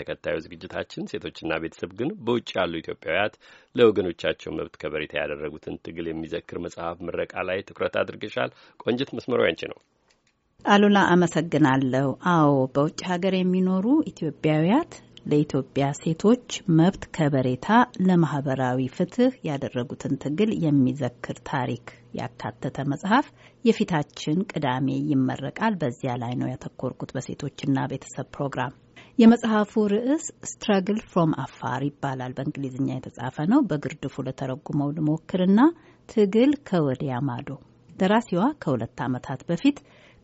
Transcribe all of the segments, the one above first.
ተከታዩ ዝግጅታችን ሴቶችና ቤተሰብ ግን በውጭ ያሉ ኢትዮጵያውያት ለወገኖቻቸው መብት ከበሬታ ያደረጉትን ትግል የሚዘክር መጽሐፍ ምረቃ ላይ ትኩረት አድርገሻል። ቆንጅት፣ መስመሩ ያንቺ ነው። አሉላ፣ አመሰግናለሁ። አዎ፣ በውጭ ሀገር የሚኖሩ ኢትዮጵያውያት ለኢትዮጵያ ሴቶች መብት ከበሬታ ለማህበራዊ ፍትህ ያደረጉትን ትግል የሚዘክር ታሪክ ያካተተ መጽሐፍ የፊታችን ቅዳሜ ይመረቃል። በዚያ ላይ ነው ያተኮርኩት በሴቶችና ቤተሰብ ፕሮግራም። የመጽሐፉ ርዕስ ስትራግል ፍሮም አፋር ይባላል። በእንግሊዝኛ የተጻፈ ነው። በግርድፉ ለተረጉመው ልሞክርና ትግል ከወዲያ ማዶ ደራሲዋ ከሁለት ዓመታት በፊት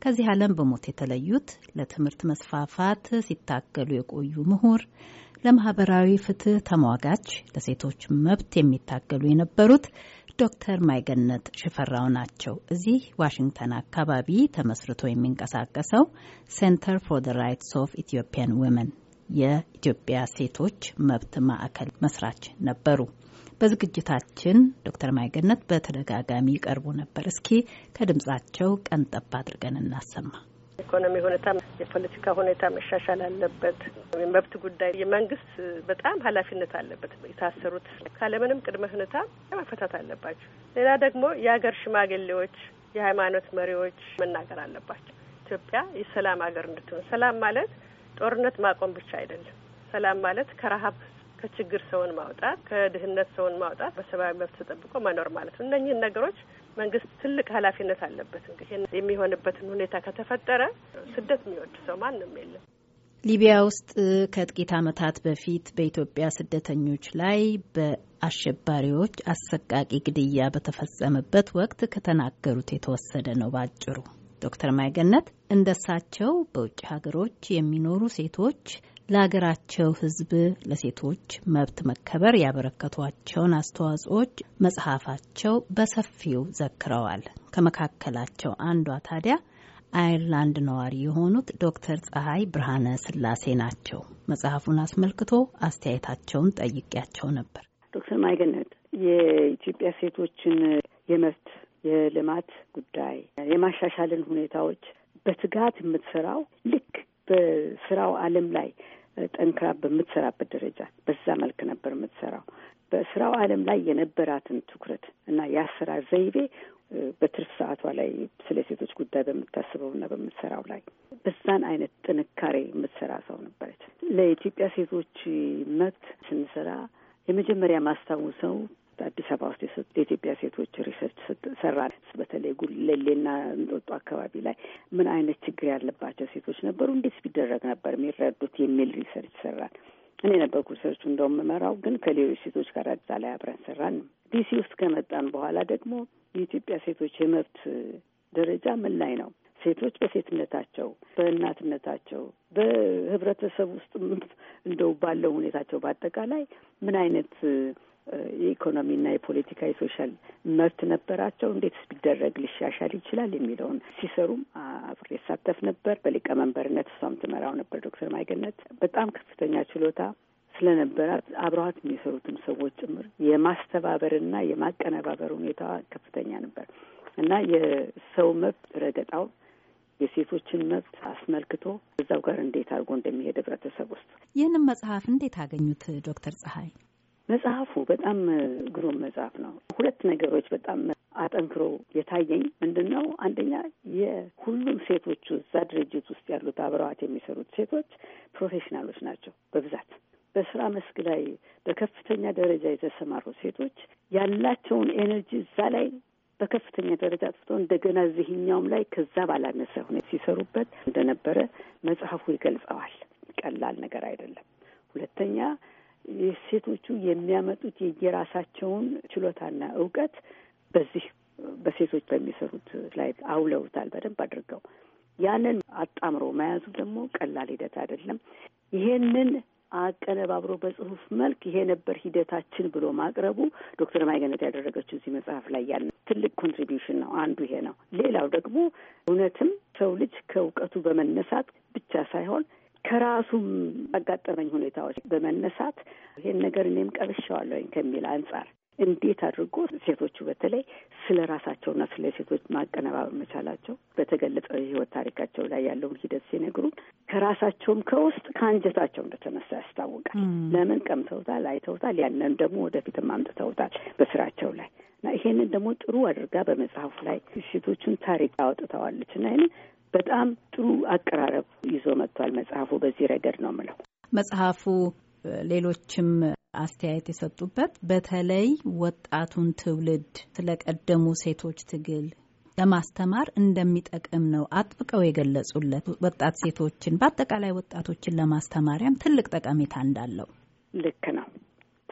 ከዚህ ዓለም በሞት የተለዩት ለትምህርት መስፋፋት ሲታገሉ የቆዩ ምሁር፣ ለማህበራዊ ፍትህ ተሟጋች፣ ለሴቶች መብት የሚታገሉ የነበሩት ዶክተር ማይገነት ሽፈራው ናቸው። እዚህ ዋሽንግተን አካባቢ ተመስርቶ የሚንቀሳቀሰው ሴንተር ፎር ዘ ራይትስ ኦፍ ኢትዮጵያን ወመን የኢትዮጵያ ሴቶች መብት ማዕከል መስራች ነበሩ። በዝግጅታችን ዶክተር ማይገነት በተደጋጋሚ ቀርቦ ነበር። እስኪ ከድምጻቸው ቀንጠብ አድርገን እናሰማ። ኢኮኖሚ ሁኔታ፣ የፖለቲካ ሁኔታ መሻሻል አለበት። የመብት ጉዳይ የመንግስት በጣም ኃላፊነት አለበት። የታሰሩት ካለምንም ቅድመ ሁኔታ መፈታት አለባቸው። ሌላ ደግሞ የሀገር ሽማግሌዎች፣ የሃይማኖት መሪዎች መናገር አለባቸው። ኢትዮጵያ የሰላም ሀገር እንድትሆን ሰላም ማለት ጦርነት ማቆም ብቻ አይደለም። ሰላም ማለት ከረሀብ ከችግር ሰውን ማውጣት፣ ከድህነት ሰውን ማውጣት፣ በሰብአዊ መብት ተጠብቆ መኖር ማለት ነው። እነኝህን ነገሮች መንግስት ትልቅ ኃላፊነት አለበት። እንግዲህ የሚሆንበትን ሁኔታ ከተፈጠረ ስደት የሚወድ ሰው ማንም የለም። ሊቢያ ውስጥ ከጥቂት ዓመታት በፊት በኢትዮጵያ ስደተኞች ላይ በአሸባሪዎች አሰቃቂ ግድያ በተፈጸመበት ወቅት ከተናገሩት የተወሰደ ነው ባጭሩ። ዶክተር ማይገነት እንደሳቸው በውጭ ሀገሮች የሚኖሩ ሴቶች ለሀገራቸው ሕዝብ ለሴቶች መብት መከበር ያበረከቷቸውን አስተዋጽኦች መጽሐፋቸው በሰፊው ዘክረዋል። ከመካከላቸው አንዷ ታዲያ አይርላንድ ነዋሪ የሆኑት ዶክተር ፀሐይ ብርሃነ ስላሴ ናቸው። መጽሐፉን አስመልክቶ አስተያየታቸውን ጠይቄያቸው ነበር። ዶክተር ማይገነት የኢትዮጵያ ሴቶችን የመብት የልማት ጉዳይ የማሻሻልን ሁኔታዎች በትጋት የምትሰራው ልክ በስራው ዓለም ላይ ጠንክራ በምትሰራበት ደረጃ በዛ መልክ ነበር የምትሰራው። በስራው ዓለም ላይ የነበራትን ትኩረት እና የአሰራር ዘይቤ በትርፍ ሰዓቷ ላይ ስለ ሴቶች ጉዳይ በምታስበውና በምትሰራው ላይ በዛን አይነት ጥንካሬ የምትሰራ ሰው ነበረች። ለኢትዮጵያ ሴቶች መብት ስንሰራ የመጀመሪያ ማስታውሰው አዲስ አበባ ውስጥ የኢትዮጵያ ሴቶች ሪሰርች ሰራ። በተለይ ጉለሌና እንጦጦ አካባቢ ላይ ምን አይነት ችግር ያለባቸው ሴቶች ነበሩ፣ እንዴት ቢደረግ ነበር የሚረዱት የሚል ሪሰርች ሰራል። እኔ ነበርኩ ሪሰርቹ እንደምመራው፣ መራው፣ ግን ከሌሎች ሴቶች ጋር አዲስ ላይ አብረን ሰራን። ዲሲ ውስጥ ከመጣን በኋላ ደግሞ የኢትዮጵያ ሴቶች የመብት ደረጃ ምን ላይ ነው? ሴቶች በሴትነታቸው፣ በእናትነታቸው፣ በህብረተሰብ ውስጥ እንደው ባለው ሁኔታቸው በአጠቃላይ ምን አይነት የኢኮኖሚና የፖለቲካ የሶሻል መብት ነበራቸው። እንዴትስ ቢደረግ ሊሻሻል ይችላል የሚለውን ሲሰሩም አብሬ እሳተፍ ነበር። በሊቀመንበርነት እሷም ትመራው ነበር። ዶክተር ማይገነት በጣም ከፍተኛ ችሎታ ስለነበራት አብረዋት የሚሰሩትም ሰዎች ጭምር የማስተባበርና የማቀነባበር ሁኔታ ከፍተኛ ነበር እና የሰው መብት ረገጣው የሴቶችን መብት አስመልክቶ እዛው ጋር እንዴት አድርጎ እንደሚሄድ ህብረተሰብ ውስጥ ይህንም መጽሐፍ እንዴት አገኙት ዶክተር ፀሐይ? መጽሐፉ በጣም ግሩም መጽሐፍ ነው። ሁለት ነገሮች በጣም አጠንክሮ የታየኝ ምንድን ነው? አንደኛ የሁሉም ሴቶቹ እዛ ድርጅት ውስጥ ያሉት አብረዋት የሚሰሩት ሴቶች ፕሮፌሽናሎች ናቸው በብዛት በስራ መስክ ላይ በከፍተኛ ደረጃ የተሰማሩ ሴቶች ያላቸውን ኤነርጂ እዛ ላይ በከፍተኛ ደረጃ አጥፍቶ እንደገና እዚህኛውም ላይ ከዛ ባላነሰ ሁኔታ ሲሰሩበት እንደነበረ መጽሐፉ ይገልጸዋል። ቀላል ነገር አይደለም። ሁለተኛ ሴቶቹ የሚያመጡት የየራሳቸውን ችሎታና እውቀት በዚህ በሴቶች በሚሰሩት ላይ አውለውታል በደንብ አድርገው። ያንን አጣምሮ መያዙ ደግሞ ቀላል ሂደት አይደለም። ይሄንን አቀነባብሮ በጽሁፍ መልክ ይሄ ነበር ሂደታችን ብሎ ማቅረቡ ዶክተር ማይገነት ያደረገችው እዚህ መጽሐፍ ላይ ያለ ትልቅ ኮንትሪቢሽን ነው። አንዱ ይሄ ነው። ሌላው ደግሞ እውነትም ሰው ልጅ ከእውቀቱ በመነሳት ብቻ ሳይሆን ከራሱም አጋጠመኝ ሁኔታዎች በመነሳት ይሄን ነገር እኔም ቀብሻዋለሁኝ ከሚል አንጻር እንዴት አድርጎ ሴቶቹ በተለይ ስለ ራሳቸውና ስለ ሴቶች ማቀነባበር መቻላቸው በተገለጸው የህይወት ታሪካቸው ላይ ያለውን ሂደት ሲነግሩን ከራሳቸውም ከውስጥ ከአንጀታቸው እንደተነሳ ያስታውቃል። ለምን ቀምተውታል፣ አይተውታል፣ ያንን ደግሞ ወደፊትም አምጥተውታል በስራቸው ላይ እና ይሄንን ደግሞ ጥሩ አድርጋ በመጽሐፉ ላይ ሴቶቹን ታሪክ አወጥተዋለች እና ይህንን በጣም ጥሩ አቀራረብ ይዞ መጥቷል መጽሐፉ። በዚህ ረገድ ነው ምለው መጽሐፉ ሌሎችም አስተያየት የሰጡበት በተለይ ወጣቱን ትውልድ ስለቀደሙ ሴቶች ትግል ለማስተማር እንደሚጠቅም ነው አጥብቀው የገለጹለት። ወጣት ሴቶችን በአጠቃላይ ወጣቶችን ለማስተማሪያም ትልቅ ጠቀሜታ እንዳለው ልክ ነው።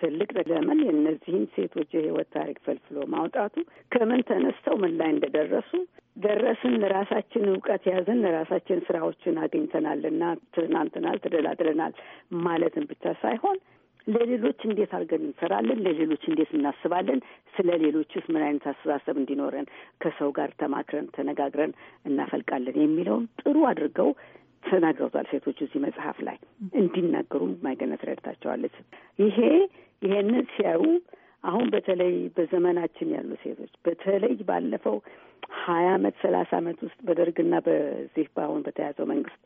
ትልቅ ዘመን የእነዚህን ሴቶች የህይወት ታሪክ ፈልፍሎ ማውጣቱ ከምን ተነስተው ምን ላይ እንደደረሱ ደረስን ራሳችን እውቀት ያዝን ራሳችን ስራዎችን አግኝተናልና ትናንትናል ተደላድለናል ማለትን ብቻ ሳይሆን ለሌሎች እንዴት አድርገን እንሰራለን? ለሌሎች እንዴት እናስባለን? ስለ ሌሎችስ ምን አይነት አስተሳሰብ እንዲኖረን ከሰው ጋር ተማክረን ተነጋግረን እናፈልቃለን የሚለውን ጥሩ አድርገው ተናግረውታል። ሴቶቹ እዚህ መጽሐፍ ላይ እንዲናገሩ ማይገነት ረድታቸዋለች። ይሄ ይሄንን ሲያዩ አሁን በተለይ በዘመናችን ያሉ ሴቶች በተለይ ባለፈው ሀያ አመት ሰላሳ አመት ውስጥ በደርግና በዚህ በአሁን በተያዘው መንግስት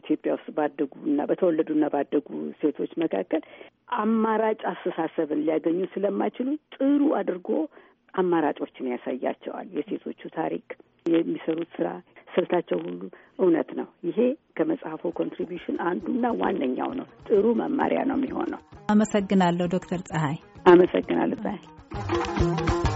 ኢትዮጵያ ውስጥ ባደጉና በተወለዱና ባደጉ ሴቶች መካከል አማራጭ አስተሳሰብን ሊያገኙ ስለማይችሉ ጥሩ አድርጎ አማራጮችን ያሳያቸዋል። የሴቶቹ ታሪክ፣ የሚሰሩት ስራ፣ ስልታቸው ሁሉ እውነት ነው። ይሄ ከመጽሐፉ ኮንትሪቢሽን አንዱና ዋነኛው ነው። ጥሩ መማሪያ ነው የሚሆነው። አመሰግናለሁ ዶክተር ፀሐይ አመሰግናለሁ ፀሐይ።